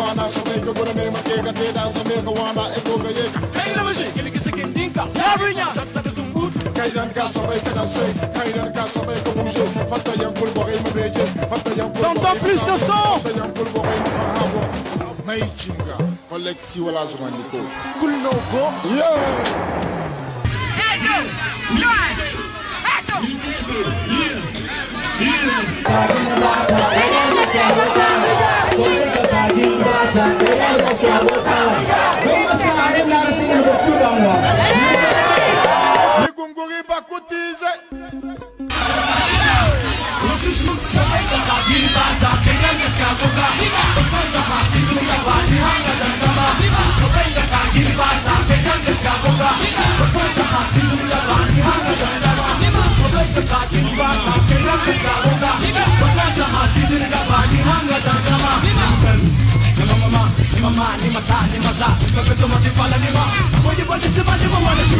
wana so kai ka gura mai mace ka teda sa me ka wana e ko ga yeka kai da mishi kilki sikin dinka yarinya sassaka zumbutu kai dan ka so bai ka dan sai kai dan ka so bai ka buje fatta yan kul bore mu beje fatta yan kul dans plus de son fatta yan kul bore mu hawo mai chinga kolleksi wala zurani ko kul no go yo hey no yo hey no Yeah. ನಿಮ್ಮ ಮಾನಿ ಮತ ನಿಮ್ಮ sauce ಕಗದು ಮತಿ ಪಲ ನಿಮ್ಮ ಮೊಯಿ ಬಡಿಸಿ ಬಾ ನಿಮ್ಮ ಮನಸ್ಸು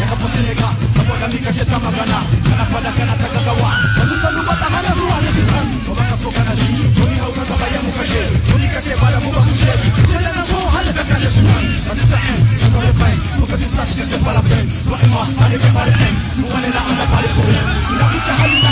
ಯಾಕ ಪಸನೆಗ ಸಬೋಡ ನಿಕಷ ತಮಗನ ಕನ ಪದ ಕನ ತಗದವ ಸಲು ಸಲು ಬತ ಹನವು ಅನಸು ಒಬಕ ಸೋಕನ ಶಿ ತುನಿ ಹೌಕ ತಬಯ ಮುಕಶೆ ತುನಿ ಕಶೆ ಬಲ ಮುಬಕುಶೆ ಶಲನ ಮೋ ಹಲಕ ಕಲಸು ಅಸಹೆ ಸಬಲ ಬೈ ಮುಕದಿ ಸಶ್ಕೆ ಸಬಲ ಬೈ ವಹಿಮ ಅಲೆ ಬಲ ಬೈ ಮುವಲೆ ಲ ಅನ ಬಲ ಬೈ ನಬಿ ತಹಲ್ಲ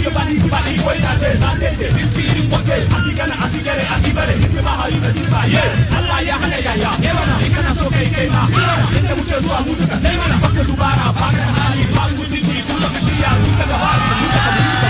Hivani hivani kwenate Nandete nispiri mwote Atikana atikere atikere Hivima hayume tipa Ye Allah ya hane ya ya Evana ikana soke ikema Hivana Yende mche zua mutuka Zemana Bakka dubara Bakka hali Bakku titi Kulo kitiya Kuta kabari Kuta kabari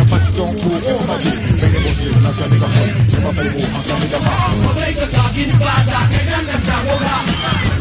I'm pour on m'a dit Mais les mots c'est la salle des garçons Je m'appelle Mo, en salle des garçons Faudrait que t'as qu'il n'y ait pas d'attaque Et bien,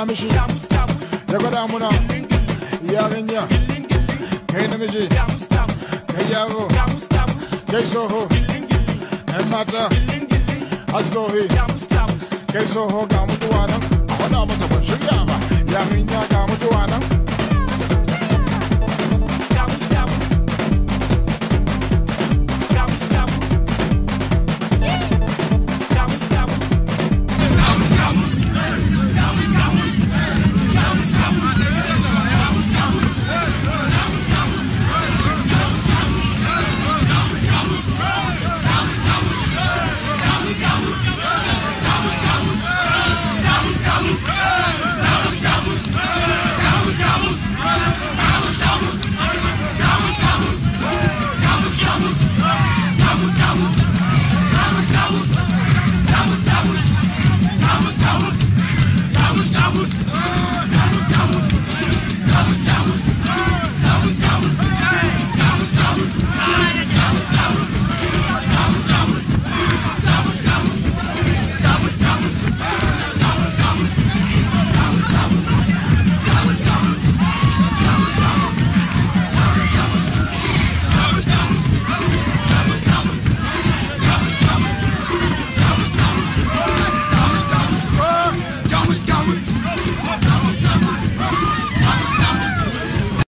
famishi ya gwada muna yarinya kai namiji kai yaro kai soho yan mata azohi kai soho ga mutuwa nan a wada mata ban shirya ba yarinya ga mutuwa nan